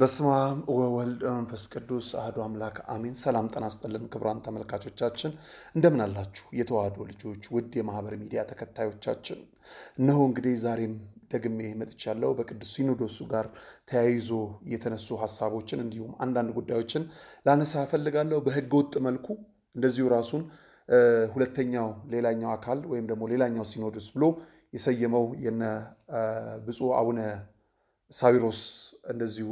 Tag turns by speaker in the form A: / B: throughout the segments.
A: በስመ አብ ወወልድ መንፈስ ቅዱስ አህዶ አምላክ አሚን። ሰላም ጤና ይስጥልን። ክቡራን ተመልካቾቻችን እንደምን አላችሁ? የተዋህዶ ልጆች፣ ውድ የማህበር ሚዲያ ተከታዮቻችን እነሆ እንግዲህ ዛሬም ደግሜ መጥቻለሁ። በቅዱስ ሲኖዶሱ ጋር ተያይዞ የተነሱ ሀሳቦችን እንዲሁም አንዳንድ ጉዳዮችን ላነሳ እፈልጋለሁ። በህገ ወጥ መልኩ እንደዚሁ ራሱን ሁለተኛው ሌላኛው አካል ወይም ደግሞ ሌላኛው ሲኖዶስ ብሎ የሰየመው የነ ብፁዕ አቡነ ሳዊሮስ እንደዚሁ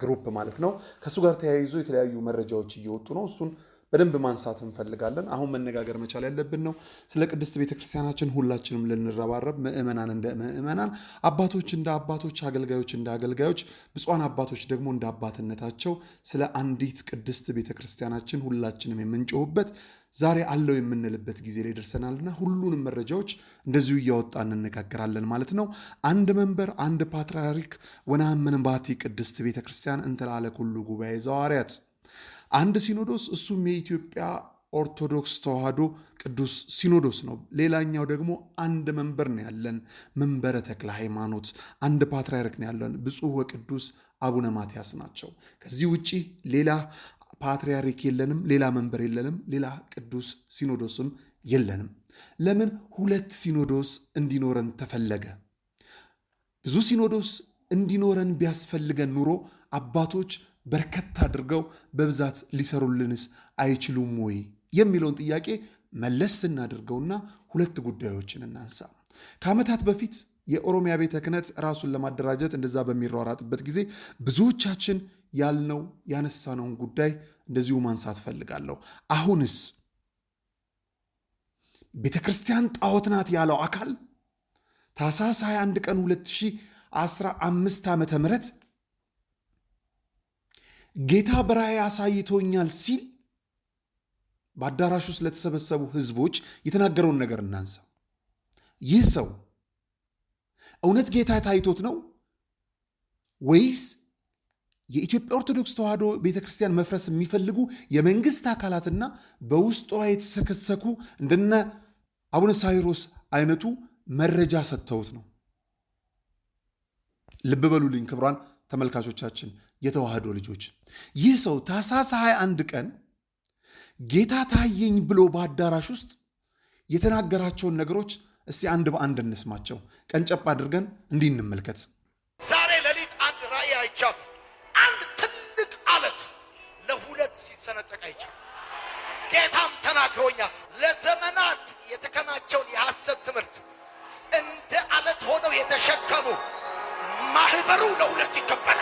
A: ግሩፕ ማለት ነው። ከእሱ ጋር ተያይዞ የተለያዩ መረጃዎች እየወጡ ነው። እሱን በደንብ ማንሳት እንፈልጋለን። አሁን መነጋገር መቻል ያለብን ነው ስለ ቅድስት ቤተክርስቲያናችን። ሁላችንም ልንረባረብ፣ ምእመናን እንደ ምእመናን አባቶች እንደ አባቶች፣ አገልጋዮች እንደ አገልጋዮች፣ ብፁዓን አባቶች ደግሞ እንደ አባትነታቸው ስለ አንዲት ቅድስት ቤተክርስቲያናችን ሁላችንም የምንጮሁበት ዛሬ አለው የምንልበት ጊዜ ላይ ደርሰናልና ሁሉንም መረጃዎች እንደዚሁ እያወጣ እንነጋገራለን ማለት ነው። አንድ መንበር አንድ ፓትርያርክ ወነአምን ባቲ ቅድስት ቤተክርስቲያን እንተላለ ጉባኤ ዘዋርያት አንድ ሲኖዶስ እሱም የኢትዮጵያ ኦርቶዶክስ ተዋህዶ ቅዱስ ሲኖዶስ ነው። ሌላኛው ደግሞ አንድ መንበር ነው ያለን፣ መንበረ ተክለ ሃይማኖት። አንድ ፓትርያርክ ነው ያለን፣ ብፁዕ ወቅዱስ አቡነ ማትያስ ናቸው። ከዚህ ውጪ ሌላ ፓትርያርክ የለንም፣ ሌላ መንበር የለንም፣ ሌላ ቅዱስ ሲኖዶስም የለንም። ለምን ሁለት ሲኖዶስ እንዲኖረን ተፈለገ? ብዙ ሲኖዶስ እንዲኖረን ቢያስፈልገን ኑሮ አባቶች በርከት አድርገው በብዛት ሊሰሩልንስ አይችሉም ወይ የሚለውን ጥያቄ መለስ ስናደርገውና ሁለት ጉዳዮችን እናንሳ። ከዓመታት በፊት የኦሮሚያ ቤተ ክህነት ራሱን ለማደራጀት እንደዛ በሚሯራጥበት ጊዜ ብዙዎቻችን ያልነው ያነሳነውን ጉዳይ እንደዚሁ ማንሳት ፈልጋለሁ። አሁንስ ቤተ ክርስቲያን ጣዖት ናት ያለው አካል ታሳስ 21 ቀን 2015 ም ጌታ በራእይ አሳይቶኛል ሲል በአዳራሽ ውስጥ ለተሰበሰቡ ህዝቦች የተናገረውን ነገር እናንሳ። ይህ ሰው እውነት ጌታ ታይቶት ነው ወይስ የኢትዮጵያ ኦርቶዶክስ ተዋሕዶ ቤተ ክርስቲያን መፍረስ የሚፈልጉ የመንግስት አካላትና በውስጧ የተሰከሰኩ እንደነ አቡነ ሳይሮስ አይነቱ መረጃ ሰጥተውት ነው? ልብ በሉልኝ ክቡራን ተመልካቾቻችን። የተዋህዶ ልጆች ይህ ሰው ታኅሳስ 21 ቀን ጌታ ታየኝ ብሎ በአዳራሽ ውስጥ የተናገራቸውን ነገሮች እስቲ አንድ በአንድ እንስማቸው። ቀንጨብ አድርገን እንዲህ እንመልከት። ዛሬ ሌሊት አንድ ራእይ አይቻል። አንድ ትልቅ አለት ለሁለት ሲሰነጠቅ አይቻል። ጌታም ተናግሮኛል። ለዘመናት የተከማቸውን የሐሰት ትምህርት እንደ አለት ሆነው የተሸከሙ ማህበሩ ለሁለት ይከፈል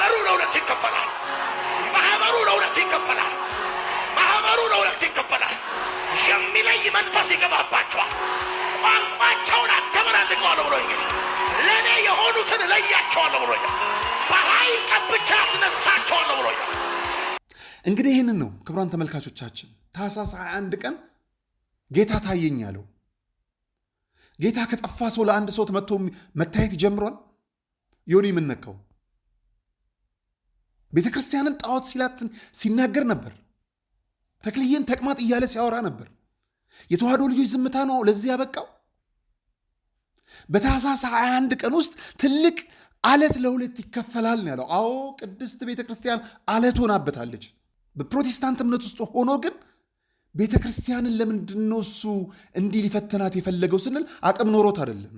A: ማህበሩ ለሁለት ይከፈላል። ማህበሩ ለሁለት ይከፈላል። ማህበሩ ለሁለት ይከፈላል። የሚለይ መንፈስ ይገባባቸዋል። ቋንቋቸውን አደበላልቀዋለሁ ብሎኛል። ለእኔ የሆኑትን እለያቸዋለሁ ብሎኛል። በኃይል ቀብቻ አስነሳቸዋለሁ ብሎኛል። እንግዲህ ይህንን ነው ክቡራን ተመልካቾቻችን ታኅሳስ 21 ቀን ጌታ ታየኝ ያለው። ጌታ ከጠፋ ሰው ለአንድ ሰው መጥቶ መታየት ጀምሯል። ዮኒ የምነካው ቤተ ክርስቲያንን ጣዖት ሲላትን ሲናገር ነበር። ተክልዬን ተቅማጥ እያለ ሲያወራ ነበር። የተዋህዶ ልጆች ዝምታ ነው ለዚህ ያበቃው። በታህሳስ 21 ቀን ውስጥ ትልቅ አለት ለሁለት ይከፈላል ነው ያለው። አዎ ቅድስት ቤተ ክርስቲያን አለት ሆናበታለች። በፕሮቴስታንት እምነት ውስጥ ሆኖ ግን ቤተ ክርስቲያንን ለምንድን እሱ እንዲህ ሊፈተናት የፈለገው ስንል አቅም ኖሮት አይደለም።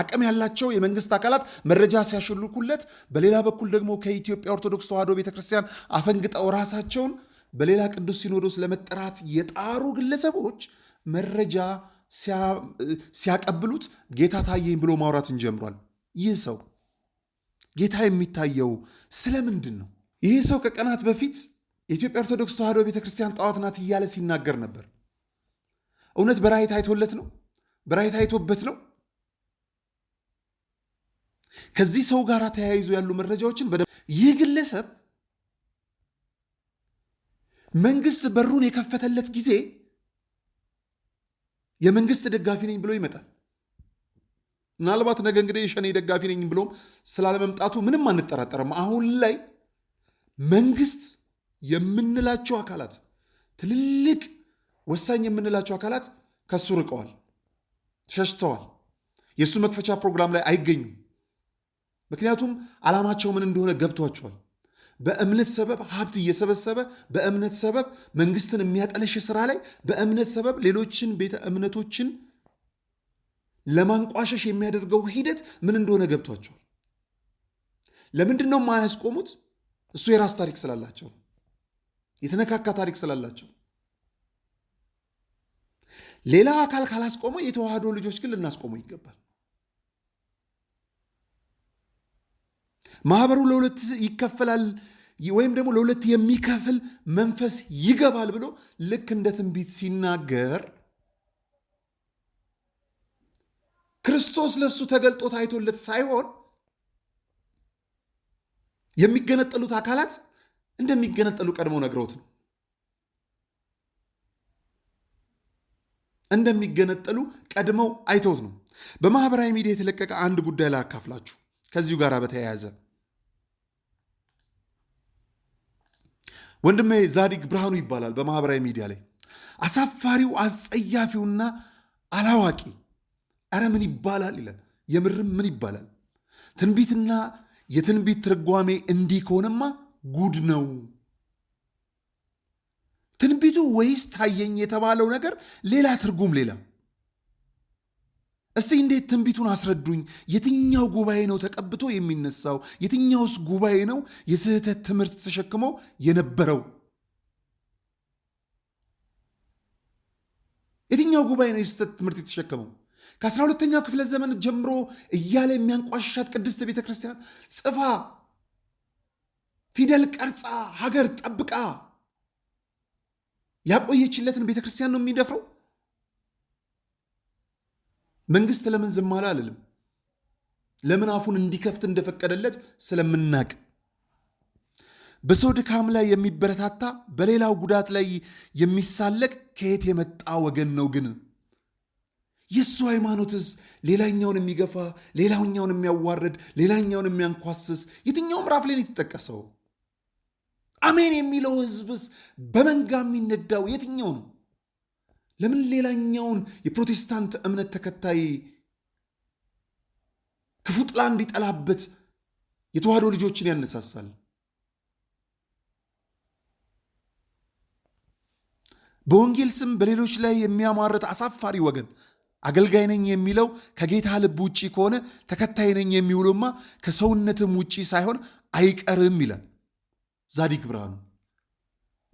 A: አቅም ያላቸው የመንግስት አካላት መረጃ ሲያሸልኩለት፣ በሌላ በኩል ደግሞ ከኢትዮጵያ ኦርቶዶክስ ተዋሕዶ ቤተክርስቲያን አፈንግጠው ራሳቸውን በሌላ ቅዱስ ሲኖዶስ ለመጠራት የጣሩ ግለሰቦች መረጃ ሲያቀብሉት ጌታ ታየኝ ብሎ ማውራትን ጀምሯል። ይህ ሰው ጌታ የሚታየው ስለምንድን ነው? ይህ ሰው ከቀናት በፊት የኢትዮጵያ ኦርቶዶክስ ተዋሕዶ ቤተክርስቲያን ጠዋት ናት እያለ ሲናገር ነበር። እውነት በራእይ ታይቶለት ነው? በራእይ ታይቶበት ነው? ከዚህ ሰው ጋር ተያይዞ ያሉ መረጃዎችን በደ ይህ ግለሰብ መንግስት በሩን የከፈተለት ጊዜ የመንግስት ደጋፊ ነኝ ብሎ ይመጣል። ምናልባት ነገ እንግዲህ የሸኔ ደጋፊ ነኝ ብሎም ስላለመምጣቱ ምንም አንጠራጠርም። አሁን ላይ መንግስት የምንላቸው አካላት ትልልቅ ወሳኝ የምንላቸው አካላት ከሱ ርቀዋል፣ ሸሽተዋል። የእሱ መክፈቻ ፕሮግራም ላይ አይገኙም። ምክንያቱም ዓላማቸው ምን እንደሆነ ገብቷቸዋል። በእምነት ሰበብ ሀብት እየሰበሰበ በእምነት ሰበብ መንግስትን የሚያጠለሽ ስራ ላይ በእምነት ሰበብ ሌሎችን ቤተ እምነቶችን ለማንቋሸሽ የሚያደርገው ሂደት ምን እንደሆነ ገብቷቸዋል። ለምንድን ነው የማያስቆሙት? እሱ የራስ ታሪክ ስላላቸው፣ የተነካካ ታሪክ ስላላቸው። ሌላ አካል ካላስቆመ የተዋህዶ ልጆች ግን ልናስቆመው ይገባል። ማህበሩ ለሁለት ይከፈላል ወይም ደግሞ ለሁለት የሚከፍል መንፈስ ይገባል ብሎ ልክ እንደ ትንቢት ሲናገር ክርስቶስ ለእሱ ተገልጦ ታይቶለት ሳይሆን የሚገነጠሉት አካላት እንደሚገነጠሉ ቀድሞ ነግረውት ነው። እንደሚገነጠሉ ቀድመው አይተውት ነው። በማህበራዊ ሚዲያ የተለቀቀ አንድ ጉዳይ ላካፍላችሁ ከዚሁ ጋር በተያያዘ ወንድሜ ዛዲግ ብርሃኑ ይባላል። በማህበራዊ ሚዲያ ላይ አሳፋሪው አጸያፊውና አላዋቂ አረ ምን ይባላል ይላል። የምርም ምን ይባላል? ትንቢትና የትንቢት ትርጓሜ እንዲህ ከሆነማ ጉድ ነው። ትንቢቱ ወይስ ታየኝ የተባለው ነገር ሌላ ትርጉም ሌላ እስቲ እንዴት ትንቢቱን አስረዱኝ። የትኛው ጉባኤ ነው ተቀብቶ የሚነሳው? የትኛውስ ጉባኤ ነው የስህተት ትምህርት ተሸክሞ የነበረው? የትኛው ጉባኤ ነው የስህተት ትምህርት የተሸከመው? ከአስራ ሁለተኛው ክፍለ ዘመን ጀምሮ እያለ የሚያንቋሻት ቅድስት ቤተ ክርስቲያን ጽፋ ፊደል ቀርጻ ሀገር ጠብቃ ያቆየችለትን ቤተ ክርስቲያን ነው የሚደፍረው። መንግስት ለምን ዝም አለ አልልም። ለምን አፉን እንዲከፍት እንደፈቀደለት ስለምናቅ በሰው ድካም ላይ የሚበረታታ በሌላው ጉዳት ላይ የሚሳለቅ ከየት የመጣ ወገን ነው? ግን የእሱ ሃይማኖትስ ሌላኛውን የሚገፋ ሌላኛውን የሚያዋርድ ሌላኛውን የሚያንኳስስ የትኛውም ምዕራፍ ላይ የተጠቀሰው። አሜን የሚለው ህዝብስ በመንጋ የሚነዳው የትኛው ነው? ለምን ሌላኛውን የፕሮቴስታንት እምነት ተከታይ ክፉ ጥላ እንዲጠላበት የተዋህዶ ልጆችን ያነሳሳል? በወንጌል ስም በሌሎች ላይ የሚያማርት አሳፋሪ ወገን አገልጋይ ነኝ የሚለው ከጌታ ልብ ውጪ ከሆነ ተከታይ ነኝ የሚውሉማ ከሰውነትም ውጪ ሳይሆን አይቀርም ይላል ዛዲግ ብርሃኑ።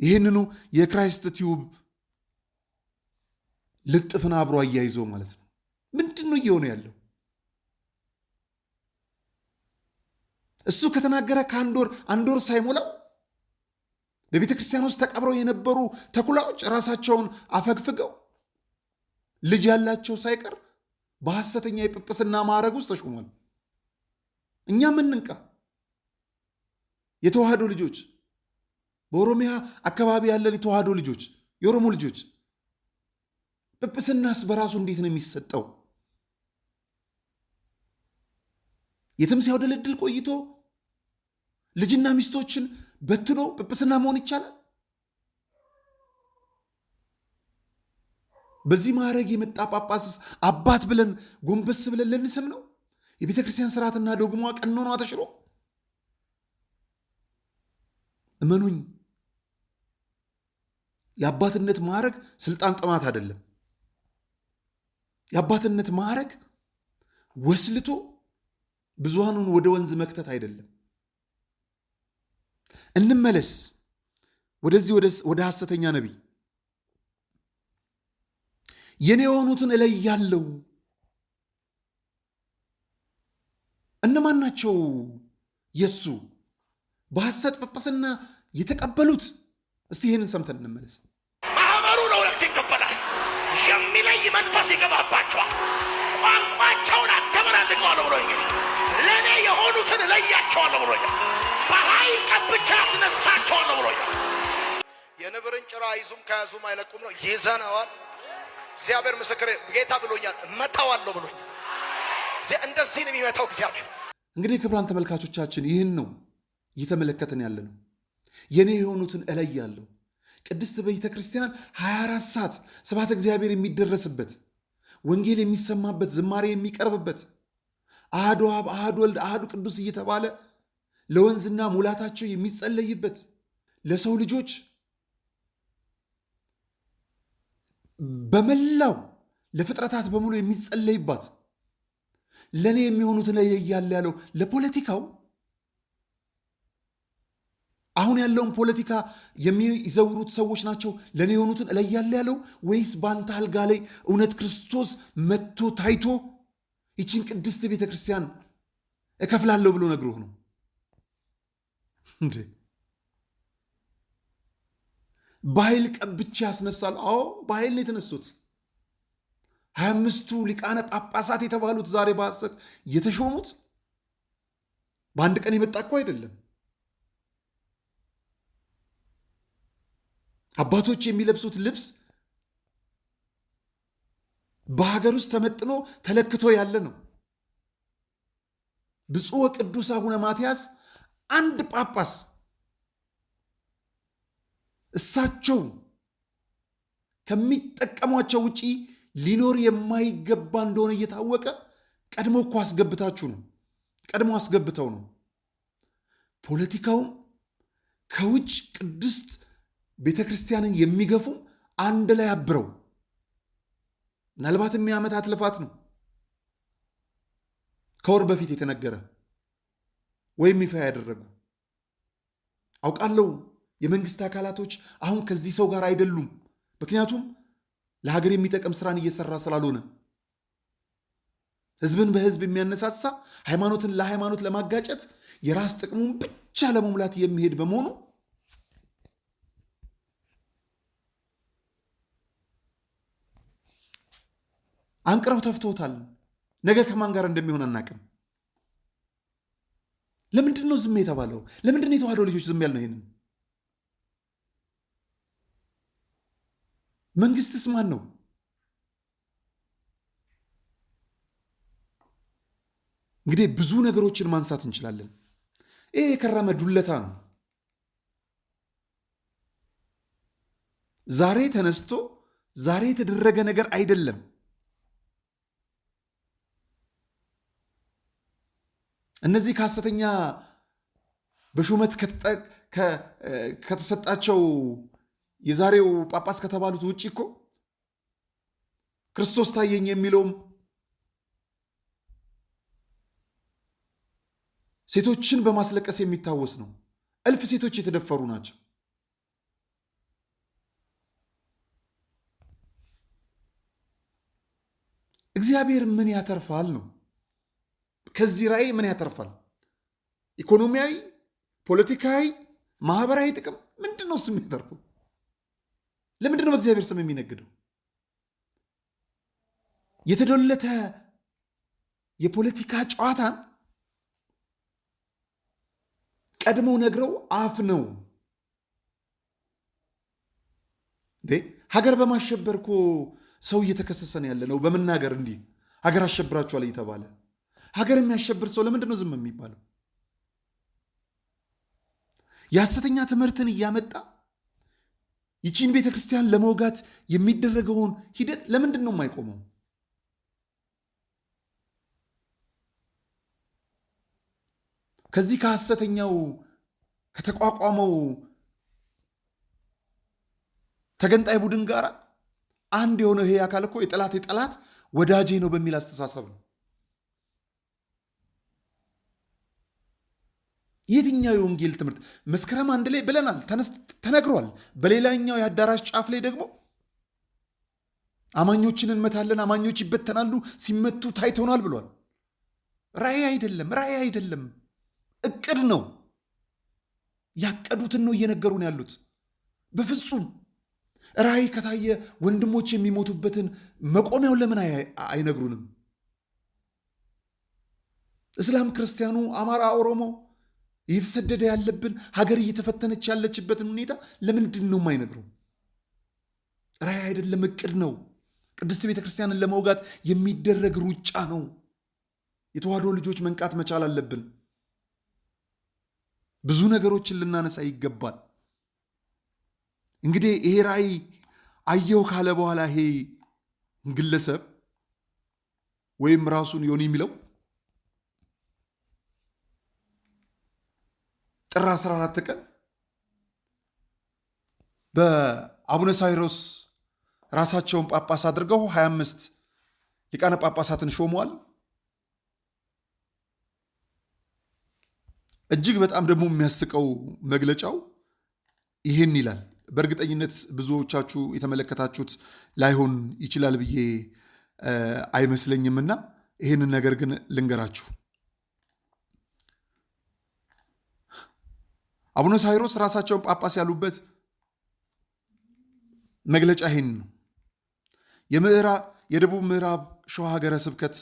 A: ይህንኑ የክራይስት ቲዩብ ልጥፍን አብሮ አያይዞ ማለት ነው። ምንድን ነው እየሆነ ያለው? እሱ ከተናገረ ከአንድ ወር አንድ ወር ሳይሞላው በቤተ ክርስቲያን ውስጥ ተቀብረው የነበሩ ተኩላዎች ራሳቸውን አፈግፍገው ልጅ ያላቸው ሳይቀር በሐሰተኛ የጵጵስና ማዕረግ ውስጥ ተሾሟል። እኛ ምንንቃ የተዋህዶ ልጆች፣ በኦሮሚያ አካባቢ ያለን የተዋህዶ ልጆች፣ የኦሮሞ ልጆች ጵጵስናስ በራሱ እንዴት ነው የሚሰጠው? የትም ሲያውደለድል ቆይቶ ልጅና ሚስቶችን በትኖ ጵጵስና መሆን ይቻላል? በዚህ ማዕረግ የመጣ ጳጳስስ አባት ብለን ጎንበስ ብለን ልንስም ነው? የቤተ ክርስቲያን ስርዓትና ዶግማ ቀኖና ተሽሮ እመኑኝ፣ የአባትነት ማዕረግ ስልጣን ጥማት አይደለም። የአባትነት ማዕረግ ወስልቶ ብዙሃኑን ወደ ወንዝ መክተት አይደለም። እንመለስ ወደዚህ ወደ ሐሰተኛ ነቢይ የኔ የሆኑትን ያለው? እነማን ናቸው? የሱ በሐሰት ጵጵስና የተቀበሉት? እስቲ ይህንን ሰምተን እንመለስ። በዚህ መንፈስ ይገባባቸዋል። ቋንቋቸውን አተመላልቀዋለሁ ብሎኛል። ለእኔ የሆኑትን እለያቸዋለሁ ብሎኛል። በኃይል ቀብቻ አስነሳቸዋለሁ ብሎኛል። የንብርን ጭራ ይዙም ከያዙም አይለቁም ነው ይዘነዋል። እግዚአብሔር ምስክር ጌታ ብሎኛል። እመታዋለሁ ብሎኛል። እንደዚህ ነው የሚመታው እግዚአብሔር። እንግዲህ ክብራን ተመልካቾቻችን ይህን ነው እየተመለከትን ያለ ነው። የእኔ የሆኑትን እለያለሁ ቅድስት ቤተ ክርስቲያን 24 ሰዓት ስብሐተ እግዚአብሔር የሚደረስበት ወንጌል የሚሰማበት ዝማሬ የሚቀርብበት አህዶ አብ አህዶ ወልድ አህዱ ቅዱስ እየተባለ ለወንዝና ሙላታቸው የሚጸለይበት ለሰው ልጆች በመላው ለፍጥረታት በሙሉ የሚጸለይባት ለእኔ የሚሆኑትን እያለ ያለው ለፖለቲካው አሁን ያለውን ፖለቲካ የሚዘውሩት ሰዎች ናቸው ለእኔ የሆኑትን እለያለ ያለው ወይስ በአንተ አልጋ ላይ እውነት ክርስቶስ መጥቶ ታይቶ ይችን ቅድስት ቤተ ክርስቲያን እከፍላለሁ ብሎ ነግሮህ ነው እንዴ? በኃይል ቀብቼ ያስነሳል። አዎ በኃይል ነው የተነሱት ሀያ አምስቱ ሊቃነ ጳጳሳት የተባሉት ዛሬ በሐሰት የተሾሙት በአንድ ቀን የመጣ እኮ አይደለም። አባቶች የሚለብሱት ልብስ በሀገር ውስጥ ተመጥኖ ተለክቶ ያለ ነው። ብፁዕ ወቅዱስ አቡነ ማትያስ አንድ ጳጳስ እሳቸው ከሚጠቀሟቸው ውጪ ሊኖር የማይገባ እንደሆነ እየታወቀ ቀድሞ እኮ አስገብታችሁ ነው ቀድሞ አስገብተው ነው ፖለቲካውም ከውጭ ቅድስት ቤተ ክርስቲያንን የሚገፉም አንድ ላይ አብረው ምናልባትም የዓመታት ልፋት ነው ከወር በፊት የተነገረ ወይም ይፋ ያደረጉ አውቃለሁ። የመንግስት አካላቶች አሁን ከዚህ ሰው ጋር አይደሉም፣ ምክንያቱም ለሀገር የሚጠቅም ስራን እየሰራ ስላልሆነ ህዝብን በህዝብ የሚያነሳሳ ሃይማኖትን ለሃይማኖት ለማጋጨት የራስ ጥቅሙን ብቻ ለመሙላት የሚሄድ በመሆኑ አንቅረው ተፍቶታል። ነገ ከማን ጋር እንደሚሆን አናቅም። ለምንድን ነው ዝም የተባለው? ለምንድን ነው የተዋህዶ ልጆች ዝም ያልነው? ይሄንን መንግስትስ ማን ነው? እንግዲህ ብዙ ነገሮችን ማንሳት እንችላለን። ይሄ የከረመ ዱለታ ነው። ዛሬ ተነስቶ ዛሬ የተደረገ ነገር አይደለም። እነዚህ ከሐሰተኛ በሹመት ከተሰጣቸው የዛሬው ጳጳስ ከተባሉት ውጭ እኮ ክርስቶስ ታየኝ የሚለውም ሴቶችን በማስለቀስ የሚታወስ ነው። እልፍ ሴቶች የተደፈሩ ናቸው። እግዚአብሔር ምን ያተርፋል ነው ከዚህ ራዕይ ምን ያተርፋል? ኢኮኖሚያዊ፣ ፖለቲካዊ፣ ማህበራዊ ጥቅም ምንድን ነው? ስም ያተርፈው ለምንድን ነው በእግዚአብሔር ስም የሚነግደው? የተዶለተ የፖለቲካ ጨዋታን ቀድመው ነግረው አፍ ነው እንዴ? ሀገር በማሸበር እኮ ሰው እየተከሰሰን ያለ ነው። በመናገር እንዲህ ሀገር አሸብራችኋል እየተባለ ሀገር የሚያሸብር ሰው ለምንድን ነው ዝም የሚባለው? የሐሰተኛ ትምህርትን እያመጣ ይቺን ቤተ ክርስቲያን ለመውጋት የሚደረገውን ሂደት ለምንድን ነው የማይቆመው? ከዚህ ከሐሰተኛው ከተቋቋመው ተገንጣይ ቡድን ጋር አንድ የሆነው ይሄ አካል እኮ የጠላት የጠላት ወዳጄ ነው በሚል አስተሳሰብ ነው የትኛው የወንጌል ትምህርት? መስከረም አንድ ላይ ብለናል፣ ተነግሯል። በሌላኛው የአዳራሽ ጫፍ ላይ ደግሞ አማኞችን እንመታለን፣ አማኞች ይበተናሉ፣ ሲመቱ ታይተናል ብሏል። ራእይ አይደለም፣ ራእይ አይደለም፣ እቅድ ነው። ያቀዱትን ነው እየነገሩን ያሉት። በፍጹም ራእይ ከታየ ወንድሞች የሚሞቱበትን መቆሚያው ለምን አይነግሩንም? እስላም ክርስቲያኑ፣ አማራ፣ ኦሮሞ እየተሰደደ ያለብን ሀገር እየተፈተነች ያለችበትን ሁኔታ ለምንድን ነው የማይነግረው? ራዕይ አይደለም እቅድ ነው። ቅድስት ቤተ ክርስቲያንን ለመውጋት የሚደረግ ሩጫ ነው። የተዋህዶ ልጆች መንቃት መቻል አለብን። ብዙ ነገሮችን ልናነሳ ይገባል። እንግዲህ ይሄ ራዕይ አየሁ ካለ በኋላ ይሄ ግለሰብ ወይም ራሱን ዮኒ የሚለው ጥር 14 ቀን በአቡነ ሳይሮስ ራሳቸውን ጳጳስ አድርገው 25 ሊቃነ ጳጳሳትን ሾመዋል። እጅግ በጣም ደግሞ የሚያስቀው መግለጫው ይህን ይላል። በእርግጠኝነት ብዙዎቻችሁ የተመለከታችሁት ላይሆን ይችላል ብዬ አይመስለኝምና ይህንን ነገር ግን ልንገራችሁ። አቡነ ሳይሮስ ራሳቸውን ጳጳስ ያሉበት መግለጫ ይህን ነው። የደቡብ ምዕራብ ሸዋ ሀገረ ስብከት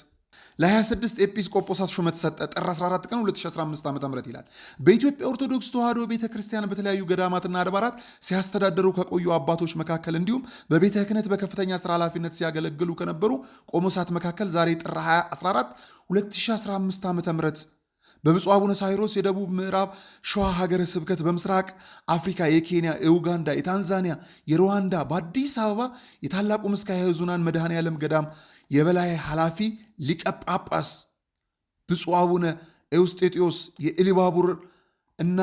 A: ለ26 ኤጲስቆጶሳት ሹመት ሰጠ ጥር 14 ቀን 2015 ዓ ም ይላል። በኢትዮጵያ ኦርቶዶክስ ተዋሕዶ ቤተ ክርስቲያን በተለያዩ ገዳማትና አድባራት ሲያስተዳደሩ ከቆዩ አባቶች መካከል እንዲሁም በቤተ ክህነት በከፍተኛ ስራ ኃላፊነት ሲያገለግሉ ከነበሩ ቆሞሳት መካከል ዛሬ ጥር 14 2015 ዓ ም በብፁዕ አቡነ ሳይሮስ የደቡብ ምዕራብ ሸዋ ሀገረ ስብከት፣ በምስራቅ አፍሪካ የኬንያ፣ የኡጋንዳ፣ የታንዛኒያ፣ የሩዋንዳ፣ በአዲስ አበባ የታላቁ ምስካየ ኅዙናን መድኃኔ ዓለም ገዳም የበላይ ኃላፊ ሊቀ ጳጳስ ብፁዕ አቡነ ኤውስጤጢዮስ የኢሉባቡር እና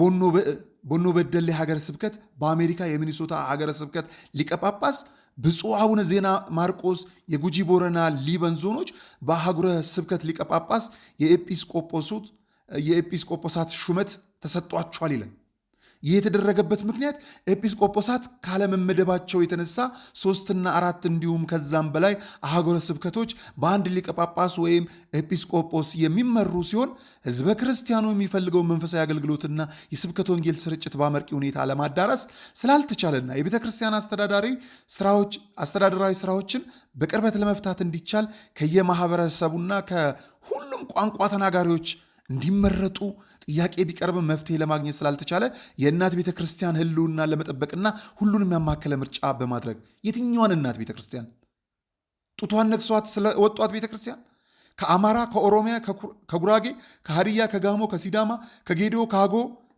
A: ቦኖ ብዕ ቦኖ በደሌ ሀገረ ስብከት በአሜሪካ የሚኒሶታ ሀገረ ስብከት ሊቀጳጳስ ጳጳስ ብፁዕ አቡነ ዜና ማርቆስ የጉጂ ቦረና ሊበን ዞኖች በአህጉረ ስብከት ሊቀጳጳስ የኤጲስቆጶሱት የኤጲስቆጶሳት ሹመት ተሰጥቷቸዋል ይለን ይህ የተደረገበት ምክንያት ኤጲስቆጶሳት ካለመመደባቸው የተነሳ ሶስትና አራት እንዲሁም ከዛም በላይ አህጉረ ስብከቶች በአንድ ሊቀ ጳጳስ ወይም ኤጲስቆጶስ የሚመሩ ሲሆን ህዝበ ክርስቲያኑ የሚፈልገው መንፈሳዊ አገልግሎትና የስብከት ወንጌል ስርጭት በአመርቂ ሁኔታ ለማዳረስ ስላልተቻለና የቤተ ክርስቲያን አስተዳዳሪ ስራዎች አስተዳደራዊ ስራዎችን በቅርበት ለመፍታት እንዲቻል ከየማህበረሰቡና ከሁሉም ቋንቋ ተናጋሪዎች እንዲመረጡ ጥያቄ ቢቀርብም መፍትሄ ለማግኘት ስላልተቻለ የእናት ቤተ ክርስቲያን ህልውና ለመጠበቅና ሁሉን የሚያማከለ ምርጫ በማድረግ የትኛዋን እናት ቤተ ክርስቲያን ጡቷን ነግሷት ስለወጧት ቤተ ክርስቲያን ከአማራ፣ ከኦሮሚያ፣ ከጉራጌ፣ ከሀዲያ፣ ከጋሞ፣ ከሲዳማ፣ ከጌዲዮ፣ ከአጎ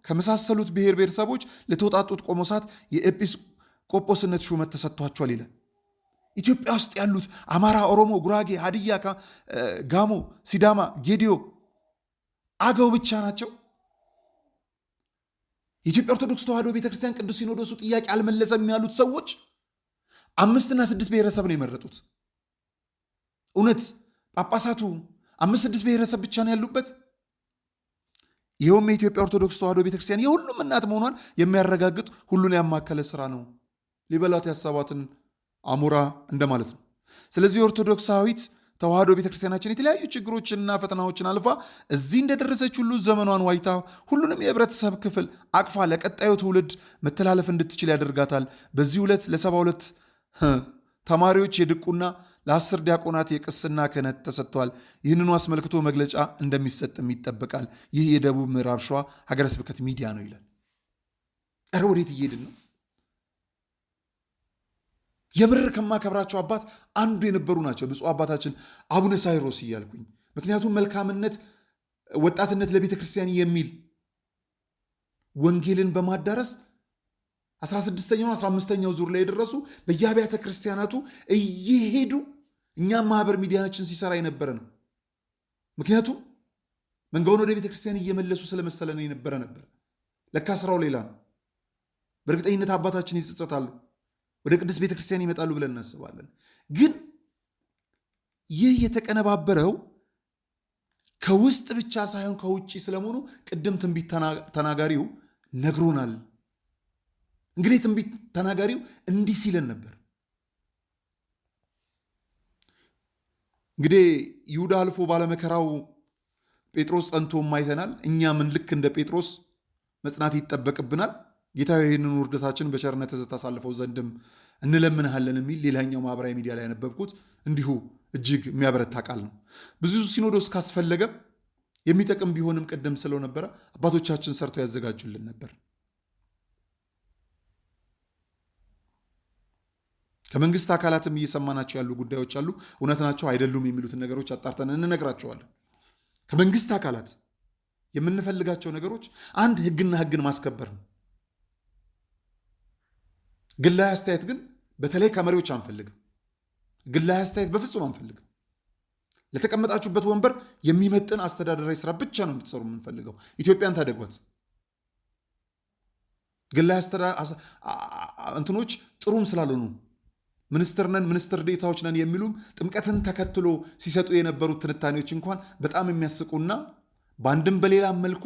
A: ከመሳሰሉት ብሔር ብሔረሰቦች ለተወጣጡት ቆሞሳት ቆጶስነት ሹመት ተሰጥቷቸዋል ይለ ኢትዮጵያ ውስጥ ያሉት አማራ፣ ኦሮሞ፣ ጉራጌ፣ ሀዲያ፣ ጋሞ፣ ሲዳማ፣ ጌዲዮ አገው ብቻ ናቸው። የኢትዮጵያ ኦርቶዶክስ ተዋሕዶ ቤተክርስቲያን ቅዱስ ሲኖዶሱ ጥያቄ አልመለሰም ያሉት ሰዎች አምስትና ስድስት ብሔረሰብ ነው የመረጡት። እውነት ጳጳሳቱ አምስት ስድስት ብሔረሰብ ብቻ ነው ያሉበት? ይኸውም የኢትዮጵያ ኦርቶዶክስ ተዋሕዶ ቤተክርስቲያን የሁሉም እናት መሆኗን የሚያረጋግጥ ሁሉን ያማከለ ስራ ነው። ሊበላት ያሳባትን አሞራ እንደማለት ነው። ስለዚህ ኦርቶዶክሳዊት ተዋህዶ ቤተክርስቲያናችን የተለያዩ ችግሮችንና ፈተናዎችን አልፋ እዚህ እንደደረሰች ሁሉ ዘመኗን ዋጅታ ሁሉንም የህብረተሰብ ክፍል አቅፋ ለቀጣዩ ትውልድ መተላለፍ እንድትችል ያደርጋታል። በዚህ ዕለት ለሰባ ሁለት ተማሪዎች የድቁና ለአስር ዲያቆናት የቅስና ክህነት ተሰጥቷል። ይህንኑ አስመልክቶ መግለጫ እንደሚሰጥም ይጠበቃል። ይህ የደቡብ ምዕራብ ሸዋ ሀገረ ስብከት ሚዲያ ነው ይላል። ኧረ ወዴት እየሄድን ነው? የብር ከማከብራቸው አባት አንዱ የነበሩ ናቸው ብፁ አባታችን አቡነ ሳይሮስ እያልኩኝ ምክንያቱም መልካምነት ወጣትነት ለቤተ ክርስቲያን የሚል ወንጌልን በማዳረስ 16ኛው 15ኛው ዙር ላይ የደረሱ በየአብያተ ክርስቲያናቱ እየሄዱ እኛም ማህበር ሚዲያችን ሲሰራ የነበረ ነው። ምክንያቱም መንጋውን ወደ ቤተ ክርስቲያን እየመለሱ ነው የነበረ ነበር። ለካ ስራው ሌላ ነው። በእርግጠኝነት አባታችን ይጸጸታሉ። ወደ ቅድስት ቤተ ክርስቲያን ይመጣሉ ብለን እናስባለን። ግን ይህ የተቀነባበረው ከውስጥ ብቻ ሳይሆን ከውጭ ስለመሆኑ ቅድም ትንቢት ተናጋሪው ነግሮናል። እንግዲህ ትንቢት ተናጋሪው እንዲህ ሲለን ነበር። እንግዲህ ይሁዳ አልፎ ባለመከራው ጴጥሮስ ጸንቶም አይተናል። ምን ልክ እንደ ጴጥሮስ መጽናት ይጠበቅብናል። ጌታ ይህንን ውርደታችን በቸርነት ታሳልፈው ዘንድም እንለምንሃለን የሚል ሌላኛው ማህበራዊ ሚዲያ ላይ ያነበብኩት እንዲሁ እጅግ የሚያበረታ ቃል ነው። ብዙ ሲኖዶስ ካስፈለገም የሚጠቅም ቢሆንም ቅድም ስለው ነበረ አባቶቻችን ሰርተው ያዘጋጁልን ነበር። ከመንግስት አካላትም እየሰማናቸው ያሉ ጉዳዮች አሉ። እውነት ናቸው አይደሉም የሚሉትን ነገሮች አጣርተን እንነግራቸዋለን። ከመንግስት አካላት የምንፈልጋቸው ነገሮች አንድ ህግና ህግን ማስከበር ነው። ግላዊ አስተያየት ግን በተለይ ከመሪዎች አንፈልግም። ግላዊ አስተያየት በፍጹም አንፈልግም። ለተቀመጣችሁበት ወንበር የሚመጥን አስተዳደራዊ ስራ ብቻ ነው እንድትሰሩ የምንፈልገው። ኢትዮጵያን ታደጓት። ግላዊ እንትኖች ጥሩም ስላልሆኑ ሚኒስትር ነን ሚኒስትር ዴታዎች ነን የሚሉም ጥምቀትን ተከትሎ ሲሰጡ የነበሩት ትንታኔዎች እንኳን በጣም የሚያስቁና በአንድም በሌላም መልኩ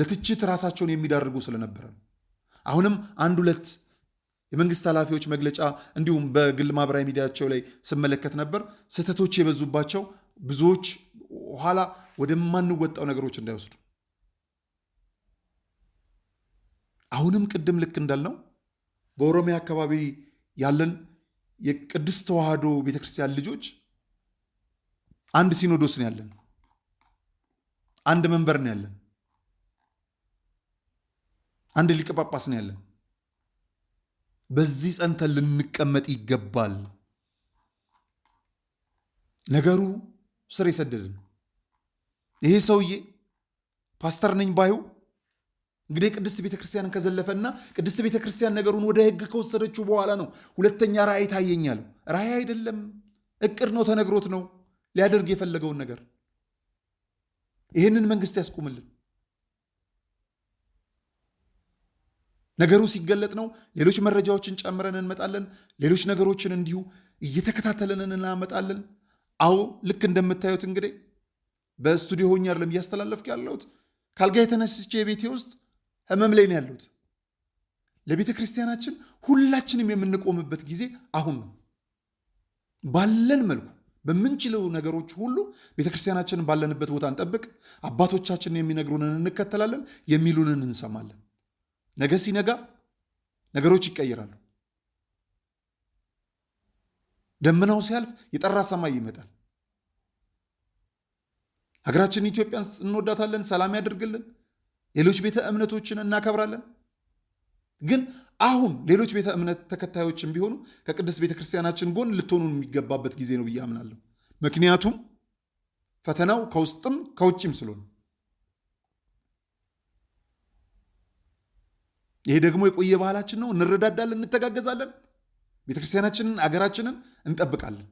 A: ለትችት ራሳቸውን የሚዳርጉ ስለነበረ ነው። አሁንም አንድ ሁለት የመንግስት ኃላፊዎች መግለጫ እንዲሁም በግል ማህበራዊ ሚዲያቸው ላይ ስመለከት ነበር። ስህተቶች የበዙባቸው ብዙዎች ኋላ ወደማንወጣው ነገሮች እንዳይወስዱ አሁንም ቅድም ልክ እንዳልነው በኦሮሚያ አካባቢ ያለን የቅድስት ተዋህዶ ቤተክርስቲያን ልጆች አንድ ሲኖዶስ ነው ያለን፣ አንድ መንበር ነው ያለን። አንድ ሊቀ ጳጳስ ነው ያለን። በዚህ ጸንተን ልንቀመጥ ይገባል። ነገሩ ስር የሰደደ ነው። ይሄ ሰውዬ ፓስተር ነኝ ባዩ እንግዲህ ቅድስት ከዘለፈ ከዘለፈና ቅድስት ቤተክርስቲያን ነገሩን ወደ ሕግ ከወሰደችው በኋላ ነው ሁለተኛ ራእይ ታየኛል ራእይ አይደለም እቅድ ነው፣ ተነግሮት ነው ሊያደርግ የፈለገውን ነገር። ይህንን መንግስት ያስቁምልን። ነገሩ ሲገለጥ ነው። ሌሎች መረጃዎችን ጨምረን እንመጣለን። ሌሎች ነገሮችን እንዲሁ እየተከታተለን እናመጣለን። አዎ ልክ እንደምታዩት እንግዲህ በስቱዲዮ ሆኜ አይደለም እያስተላለፍኩ ያለሁት። ካልጋ የተነስቼ የቤቴ ውስጥ ህመም ላይ ነው ያለሁት። ለቤተ ክርስቲያናችን ሁላችንም የምንቆምበት ጊዜ አሁን ነው። ባለን መልኩ በምንችለው ነገሮች ሁሉ ቤተ ክርስቲያናችንን ባለንበት ቦታ እንጠብቅ። አባቶቻችንን የሚነግሩንን እንከተላለን፣ የሚሉንን እንሰማለን። ነገ ሲነጋ ነገሮች ይቀየራሉ። ደመናው ሲያልፍ የጠራ ሰማይ ይመጣል። ሀገራችንን ኢትዮጵያን እንወዳታለን፣ ሰላም ያደርግልን። ሌሎች ቤተ እምነቶችን እናከብራለን። ግን አሁን ሌሎች ቤተ እምነት ተከታዮችን ቢሆኑ ከቅድስት ቤተ ክርስቲያናችን ጎን ልትሆኑ የሚገባበት ጊዜ ነው ብዬ አምናለሁ። ምክንያቱም ፈተናው ከውስጥም ከውጭም ስለሆነ ይሄ ደግሞ የቆየ ባህላችን ነው። እንረዳዳለን፣ እንተጋገዛለን፣ ቤተክርስቲያናችንን፣ አገራችንን እንጠብቃለን።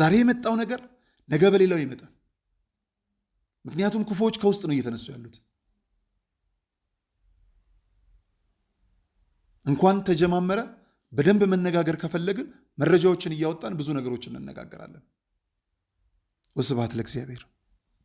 A: ዛሬ የመጣው ነገር ነገ በሌላው ይመጣል። ምክንያቱም ክፉዎች ከውስጥ ነው እየተነሱ ያሉት። እንኳን ተጀማመረ በደንብ መነጋገር ከፈለግን መረጃዎችን እያወጣን ብዙ ነገሮችን እንነጋገራለን። ወስብሐት ለእግዚአብሔር።